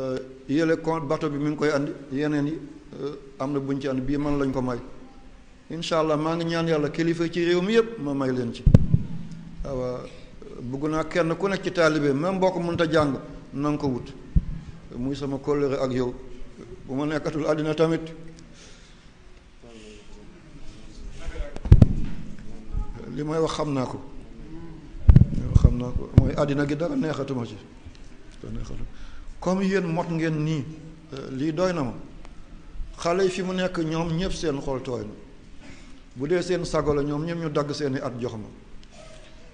Euh, yële kon bato bi mi ngi koy andi yeneen yi euh, am na buñ ci andi bii man lañ ko may incha maa ngi ñaan yàlla kilifa ci réew mi yëpp ma may leen ci waaw euh, bëgg naa kenn ku nekk ci taalibe même boo ko mënta jàng na ko wut muy sama kóllëre ak yow bu ma nekkatul àddina tamit li may wax xam naa ko xam naa mooy àddina gi dara neexatuma ci neexatuma comme yéen mot ngeen nii euh, lii doy na ma xale yi fi mu nekk ñoom ñëpp seen xol tooy na bu dee seen sago la ñoom ñëpp ñu dagg seeni at jox ma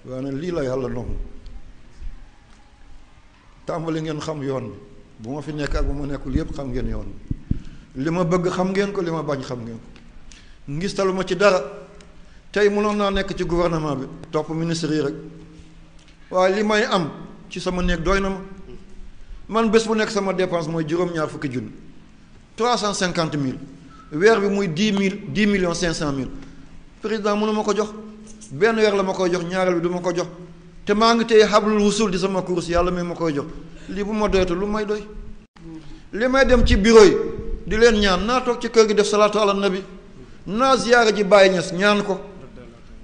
waaye nag lii la yàlla noonu tàmbali ngeen xam yoon bi bu ma fi nekk ak bu ma nekkul yépp xam ngeen yoon bi li ma bëgg xam ngeen ko li ma bañ xam ngeen ko ngistalu ma ci dara tey mënoon naa nekk ci gouvernement bi topp ministre yi rek waaye li may am ci sama néeg doy na ma man bés bu nekk sama dépense mooy juróom-ñaar fukki junni trois cent cinquante mille weer bi muy dix mille dix million cinq cent mille président mënu ma ko jox benn weer la ma koy jox ñaareel bi du ma ko jox te maa ngi tey xablul wusul di sama course yàlla mi ma koy jox lii bu ma doyatu lu may doy li may dem ci bureau yi di leen ñaan naa toog ci kër gi def salaatu ala nabi naa ziyaara ji bàyyi ñas ñaan ko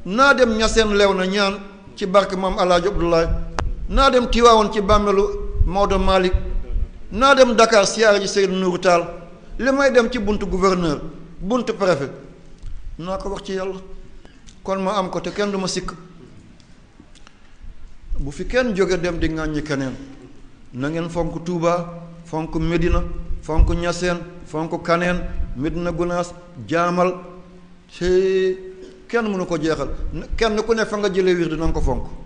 naa dem ñaseen lew na ñaan ci barke maam Alaaji naa dem Maodo malik na dem Dakar siar ji Seydou Nourou Tall limay dem ci buntu gouverneur buntu préfet nako wax ci yalla kon ma am ko te ken duma sik bu fi ken joge dem di ngagne kenen na ngeen fonk Touba fonk Medina fonk Niassène fonk Kaneen Medina gunas, Jamal. Si kenn mënu ko jexal ken ku ne fa nga jele wir ko fonk